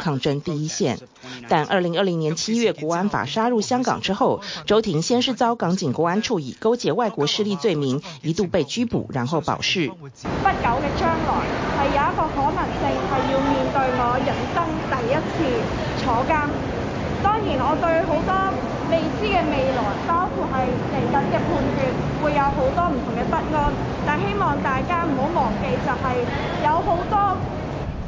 抗爭第一線，但二零二零年七月《國安法》殺入香港之後，周庭先是遭港警國安處以勾結外國勢力罪名，一度被拘捕，然後保釋。不久嘅將來係有一個可能性係要面對我人生第一次坐監。當然，我對好多未知嘅未來，包括係嚟緊嘅判決，會有好多唔同嘅不安。但希望大家唔好忘記，就係有好多。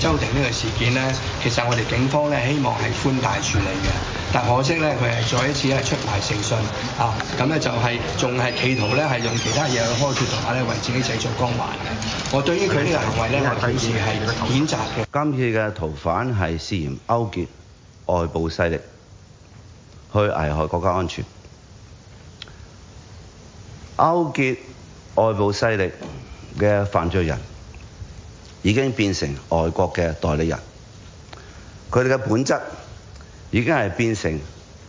周庭呢個事件呢，其實我哋警方呢，希望係寬大處理嘅，但可惜呢，佢係再一次咧出賣誠信啊！咁呢，就係仲係企圖呢，係用其他嘢去開脫，同埋呢，為自己製造光環嘅。我對於佢呢個行為呢，我表示係譴責嘅。今次嘅逃犯係涉嫌勾結外部勢力，去危害國家安全，勾結外部勢力嘅犯罪人。已經變成外國嘅代理人，佢哋嘅本質已經係變成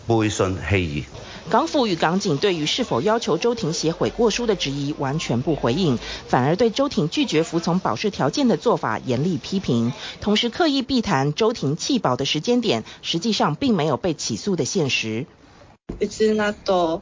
背信棄義。港府與港警對於是否要求周庭寫悔過書的質疑完全不回應，反而對周庭拒絕服從保釋條件的做法嚴厲批評，同時刻意避談周庭棄保的時間點，實際上並沒有被起訴的現實。It's not...